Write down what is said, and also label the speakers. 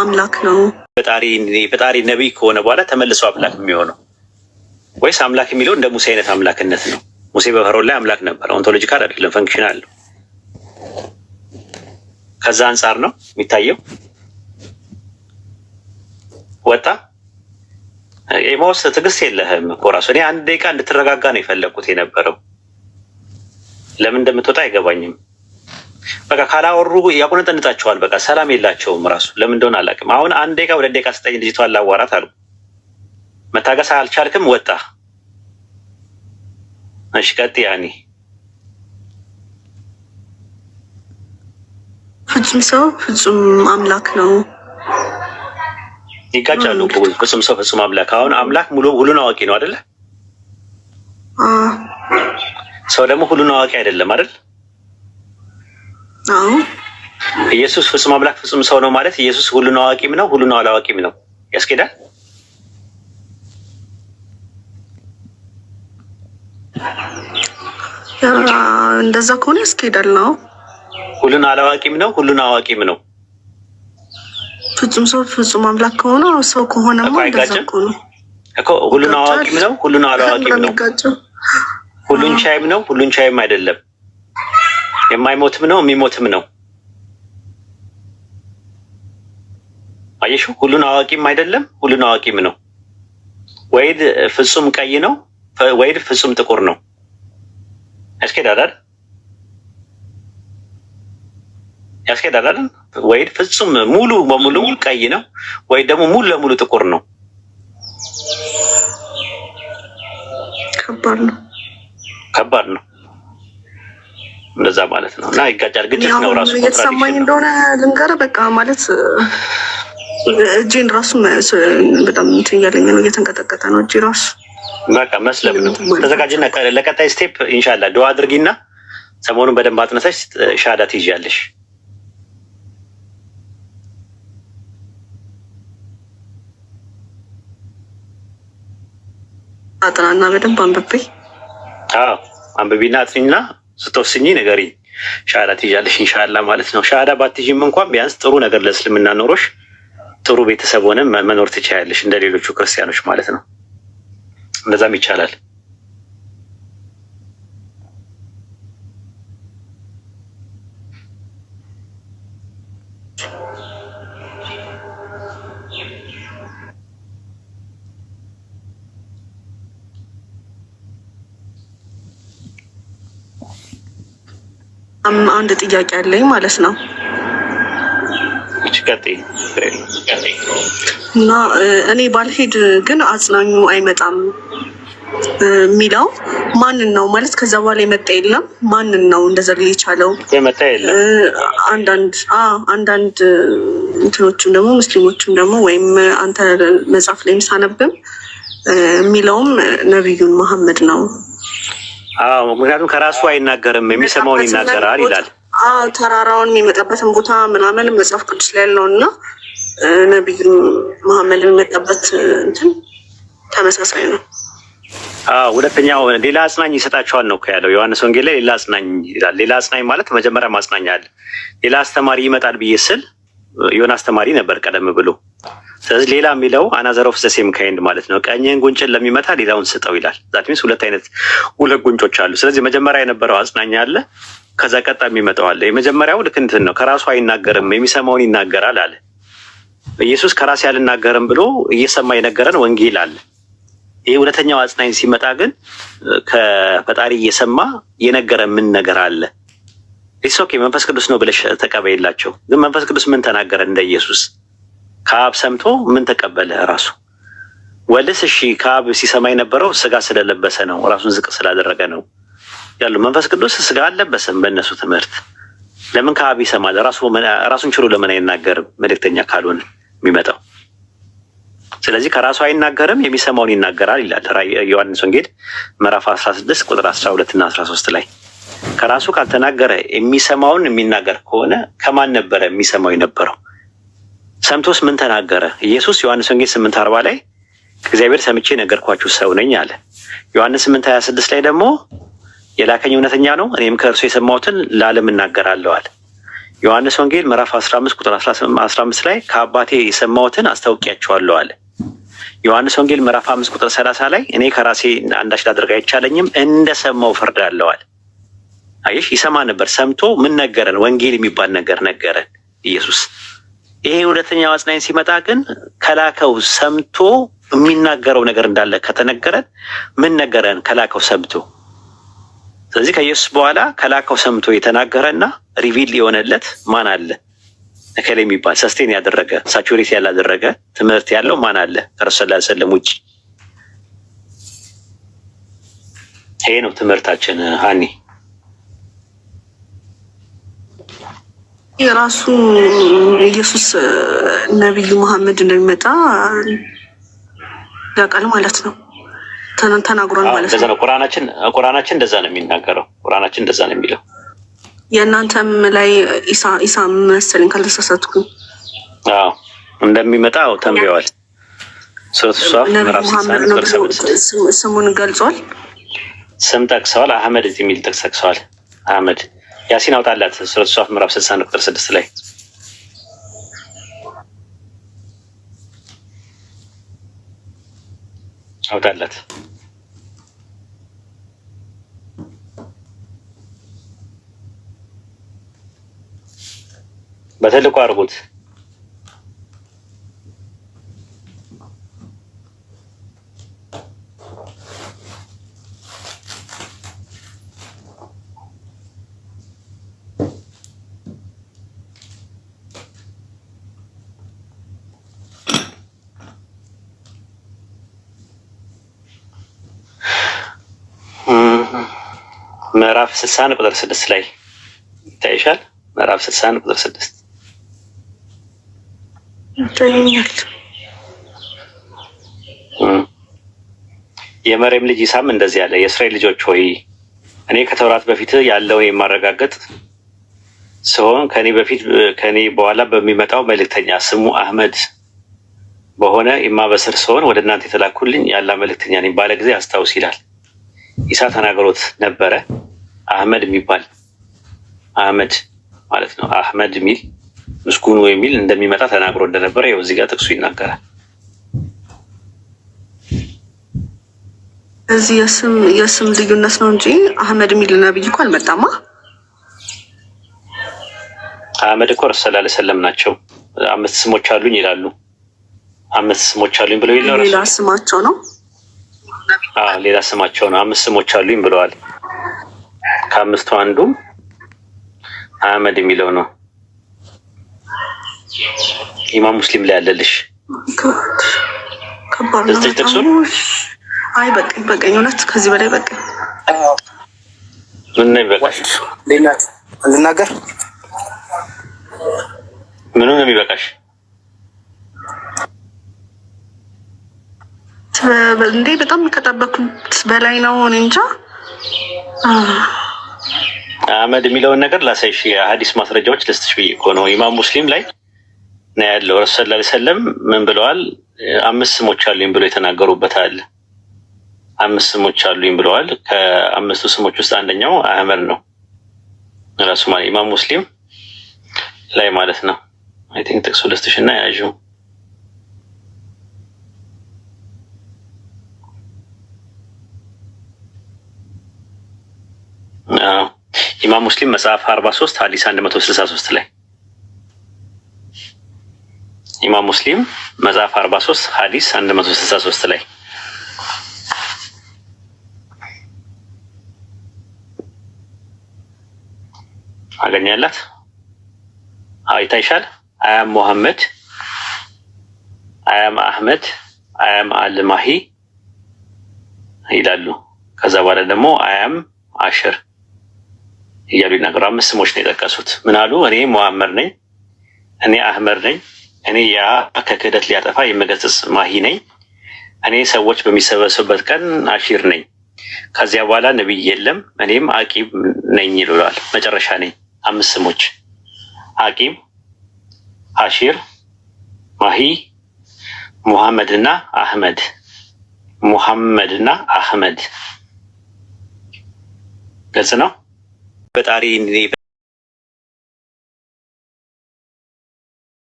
Speaker 1: አምላክ ነው።
Speaker 2: ፈጣሪ ፈጣሪ ነቢይ ከሆነ በኋላ ተመልሶ አምላክ የሚሆነው ወይስ አምላክ የሚለው እንደ ሙሴ አይነት አምላክነት ነው? ሙሴ በፈርዖን ላይ አምላክ ነበር። ኦንቶሎጂካል አይደለም፣ ፈንክሽን አለው። ከዛ አንጻር ነው የሚታየው። ወጣ ኤማውስ ትዕግስት የለህም እኮ ራሱ። እኔ አንድ ደቂቃ እንድትረጋጋ ነው የፈለግኩት የነበረው። ለምን እንደምትወጣ አይገባኝም። በቃ ካላወሩ ያቆነጠንጣቸዋል። በቃ ሰላም የላቸውም። ራሱ ለምን እንደሆነ አላውቅም። አሁን አንድ ደቂቃ ሁለት ደቂቃ ስጠኝ ልጅቷ ላዋራት አሉ። መታገስ አልቻልክም፣ ወጣ። እሺ ቀጥ ያኒ
Speaker 1: ፍጹም ሰው ፍጹም አምላክ ነው።
Speaker 2: ይጋጫሉ። ፍጹም ሰው ፍጹም አምላክ። አሁን አምላክ ሙሉ ሁሉን አዋቂ ነው አይደለ? ሰው ደግሞ ሁሉን አዋቂ አይደለም አይደል? ኢየሱስ ፍጹም አምላክ ፍጹም ሰው ነው ማለት ኢየሱስ ሁሉን አዋቂም ነው፣ ሁሉን አላዋቂም ነው ያስኬዳል።
Speaker 1: እንደዛ ከሆነ ያስኬዳል ነው።
Speaker 2: ሁሉን አላዋቂም ነው፣ ሁሉን አዋቂም ነው።
Speaker 1: ፍጹም ሰው ፍጹም አምላክ ከሆነ ሰው ከሆነ
Speaker 2: እኮ ሁሉን አዋቂም ነው፣ ሁሉን አላዋቂም ነው። ሁሉን ቻይም ነው፣ ሁሉን ቻይም አይደለም። የማይሞትም ነው የሚሞትም ነው። አየሽ፣ ሁሉን አዋቂም አይደለም፣ ሁሉን አዋቂም ነው። ወይድ ፍጹም ቀይ ነው፣ ወይድ ፍጹም ጥቁር ነው። ያስኬዳዳል ያስኬዳዳል። ወይድ ፍጹም ሙሉ በሙሉ ቀይ ነው፣ ወይ ደግሞ ሙሉ ለሙሉ ጥቁር ነው። ከባድ ነው፣ ከባድ ነው። እንደዛ ማለት ነው። እና ይጋጫል።
Speaker 1: ግጭት ነው ራሱ የተሰማኝ እንደሆነ ልንገር በቃ ማለት እጄን ራሱ በጣም እንትን እያለኝ ነው፣ እየተንቀጠቀጠ ነው እጄ ራሱ።
Speaker 2: በቃ መስለም ነው። ተዘጋጅና ለቀጣይ ስቴፕ ኢንሻላ ድዋ አድርጊና ሰሞኑን በደንብ አጥነሳሽ ሻዳ ትይዣለሽ።
Speaker 1: አጥናና በደንብ አንብቤ
Speaker 2: አንብቢና አጥኝና ስትወስኝ ነገሪ ሻሃዳ ትይዣለሽ እንሻላ ማለት ነው። ሻዳ ባትይዥም እንኳን ቢያንስ ጥሩ ነገር ለእስልምና ኖሮሽ ጥሩ ቤተሰብ ሆነ መኖር ትችያለሽ፣ እንደ ሌሎቹ ክርስቲያኖች ማለት ነው። እንደዛም ይቻላል።
Speaker 1: አንድ ጥያቄ አለኝ ማለት ነው እና እኔ ባልሄድ ግን አጽናኙ አይመጣም የሚለው ማንን ነው ማለት ከዛ በኋላ የመጣ የለም። ማንን ነው እንደዛ ሊል የቻለው? አንዳንድ አንዳንድ እንትኖችም ደግሞ ሙስሊሞችም ደግሞ ወይም አንተ መጽሐፍ ላይ ሳነብም የሚለውም ነቢዩን መሐመድ ነው
Speaker 2: አዎ ምክንያቱም ከራሱ አይናገርም የሚሰማውን ይናገራል ይላል።
Speaker 1: ተራራውን የሚመጣበትን ቦታ ምናምን መጽሐፍ ቅዱስ ላይ ያለው እና ነቢዩ መሐመድ የሚመጣበት እንትን ተመሳሳይ ነው።
Speaker 2: ሁለተኛው ሌላ አጽናኝ ይሰጣቸዋል ነው ያለው ዮሐንስ ወንጌል ላይ ሌላ አጽናኝ ይላል። ሌላ አጽናኝ ማለት መጀመሪያ ማጽናኛ አለ። ሌላ አስተማሪ ይመጣል ብዬ ስል የሆነ አስተማሪ ነበር ቀደም ብሎ። ስለዚህ ሌላ የሚለው አናዘር ኦፍ ዘ ሴም ካይንድ ማለት ነው። ቀኝህን ጉንጭን ለሚመታ ሌላውን ስጠው ይላል። ዛት ሚንስ ሁለት አይነት ሁለት ጉንጮች አሉ። ስለዚህ መጀመሪያ የነበረው አጽናኝ አለ፣ ከዛ ቀጣ የሚመጣው አለ። የመጀመሪያው ልክ እንትን ነው፣ ከራሱ አይናገርም የሚሰማውን ይናገራል አለ። ኢየሱስ ከራሴ አልናገርም ብሎ እየሰማ የነገረን ወንጌል አለ። ይህ ሁለተኛው አጽናኝ ሲመጣ ግን ከፈጣሪ እየሰማ የነገረ ምን ነገር አለ ኦኬ መንፈስ ቅዱስ ነው ብለሽ ተቀበይላቸው። ግን መንፈስ ቅዱስ ምን ተናገረ? እንደ ኢየሱስ ከአብ ሰምቶ ምን ተቀበለ? ራሱ ወልስ እሺ ከአብ ሲሰማ የነበረው ስጋ ስለለበሰ ነው፣ ራሱን ዝቅ ስላደረገ ነው ያሉ። መንፈስ ቅዱስ ስጋ አልለበሰም በእነሱ ትምህርት። ለምን ከአብ ይሰማል? ራሱን ችሎ ለምን አይናገርም? መልእክተኛ ካልሆን የሚመጣው ስለዚህ ከራሱ አይናገርም፣ የሚሰማውን ይናገራል ይላል ዮሐንስ ወንጌል ምዕራፍ 16 ቁጥር 12 እና 13 ላይ ከራሱ ካልተናገረ የሚሰማውን የሚናገር ከሆነ ከማን ነበረ የሚሰማው የነበረው? ሰምቶስ ምን ተናገረ? ኢየሱስ ዮሐንስ ወንጌል ስምንት አርባ ላይ እግዚአብሔር ሰምቼ ነገርኳችሁ ሰው ነኝ አለ። ዮሐንስ ስምንት ሀያ ስድስት ላይ ደግሞ የላከኝ እውነተኛ ነው፣ እኔም ከእርሱ የሰማሁትን ለዓለም እናገራለሁ አለ። ዮሐንስ ወንጌል ምዕራፍ አስራ ቁጥር 15 ላይ ከአባቴ የሰማሁትን አስታውቂያቸዋለሁ አለ። ዮሐንስ ወንጌል ምዕራፍ አምስት ቁጥር ሰላሳ ላይ እኔ ከራሴ አንዳች ላደርግ አይቻለኝም፣ እንደሰማው ፍርድ አለዋል? አየሽ ይሰማ ነበር። ሰምቶ ምን ነገረን? ወንጌል የሚባል ነገር ነገረን ኢየሱስ። ይሄ ሁለተኛው አጽናኝ ሲመጣ ግን ከላከው ሰምቶ የሚናገረው ነገር እንዳለ ከተነገረን ምን ነገረን? ከላከው ሰምቶ። ስለዚህ ከኢየሱስ በኋላ ከላከው ሰምቶ የተናገረና ሪቪል የሆነለት ማን አለ? እከሌ የሚባል ሰስቴን ያደረገ ሳቹሪቲ ያላደረገ ትምህርት ያለው ማን አለ? ከረሱላ ሰለም ውጭ ይሄ ነው ትምህርታችን ሀኒ
Speaker 1: የራሱ ኢየሱስ ነቢዩ መሐመድ እንደሚመጣ ያውቃል ማለት ነው። ተናግሯል ማለት
Speaker 2: ነው። ቁርአናችን ቁርአናችን እንደዛ ነው የሚናገረው። ቁርአናችን እንደዛ ነው የሚለው።
Speaker 1: የእናንተም ላይ ኢሳ ኢሳ መሰለኝ ካልተሳሳትኩ
Speaker 2: እንደሚመጣ ተንብየዋል።
Speaker 1: ስሙን ገልጿል።
Speaker 2: ስም ጠቅሰዋል። አህመድ እዚህ የሚል ጥቅስ ጠቅሰዋል። አህመድ ያሲን አውጣላት ሱረቱ ሷፍ ምዕራፍ ስልሳ አንድ ቁጥር ስድስት ላይ አውጣላት። በትልቁ አድርጉት። ምዕራፍ ስልሳን ቁጥር ስድስት ላይ ይታይሻል። ምዕራፍ ስልሳን ቁጥር ስድስት የመሬም ልጅ ይሳም እንደዚህ አለ፣ የእስራኤል ልጆች ሆይ እኔ ከተውራት በፊት ያለውን የማረጋገጥ ሲሆን ከኔ በፊት ከኔ በኋላ በሚመጣው መልእክተኛ ስሙ አህመድ በሆነ የማበስር ሲሆን ወደ እናንተ የተላኩልኝ ያላ መልእክተኛ ነኝ ባለ ጊዜ አስታውስ ይላል። ኢሳ ተናግሮት ነበረ። አህመድ የሚባል አህመድ ማለት ነው። አህመድ የሚል ምስጉኑ የሚል እንደሚመጣ ተናግሮ እንደነበረ ይኸው እዚህ ጋር ጥቅሱ ይናገራል።
Speaker 1: እዚህ የስም የስም ልዩነት ነው እንጂ አህመድ የሚል ነብይ እኮ አልመጣማ።
Speaker 2: አህመድ እኮ ረሱል ሰለላሁ ዐለይሂ ወሰለም ናቸው። አምስት ስሞች አሉኝ ይላሉ። አምስት ስሞች አሉኝ ብለው
Speaker 1: ሌላ ስማቸው ነው
Speaker 2: ሌላ ስማቸው ነው አምስት ስሞች አሉኝ ብለዋል። ከአምስቱ አንዱም አህመድ የሚለው ነው። ኢማም ሙስሊም ላይ አለልሽ እዚህ
Speaker 1: አይ እውነት ከዚህ በላይ ምን ይበቃሽ። ልናገር ነው የሚበቃሽ? እንዴ በጣም ከጠበኩት በላይ ነው። እኔ እንጃ
Speaker 2: አመድ የሚለውን ነገር ላሳይሽ የሀዲስ ማስረጃዎች ልስትሽ ብዬ እኮ ነው። ኢማም ሙስሊም ላይ ነው ያለው። ረሱ ስላ ሰለም ምን ብለዋል? አምስት ስሞች አሉኝ ብሎ የተናገሩበት አለ። አምስት ስሞች አሉኝ ብለዋል። ከአምስቱ ስሞች ውስጥ አንደኛው አህመድ ነው። ራሱ ማለት ኢማም ሙስሊም ላይ ማለት ነው። አይ ቲንክ ጥቅሱ ልስትሽ እና ያዥው ኢማም ሙስሊም መጽሐፍ አርባ ሶስት ሀዲስ አንድ መቶ ስልሳ ሶስት ላይ ኢማም ሙስሊም መጽሐፍ አርባ ሶስት ሀዲስ አንድ መቶ ስልሳ ሶስት ላይ አገኛላት አይታይሻል። አያም ሙሐመድ አያም አህመድ አያም አልማሂ ይላሉ። ከዛ በኋላ ደግሞ አያም አሽር እያሉ ይናገሩ። አምስት ስሞች ነው የጠቀሱት። ምን አሉ? እኔ መዋመር ነኝ፣ እኔ አህመር ነኝ፣ እኔ ያ ከክህደት ሊያጠፋ የምገጽጽ ማሂ ነኝ፣ እኔ ሰዎች በሚሰበሰቡበት ቀን አሺር ነኝ፣ ከዚያ በኋላ ነቢይ የለም፣ እኔም አቂብ ነኝ ይሉላል። መጨረሻ ነኝ። አምስት ስሞች አቂብ፣ አሺር፣ ማሂ፣ ሙሐመድና አህመድ ሙሐመድና አህመድ። ገጽ ነው። ፈጣሪ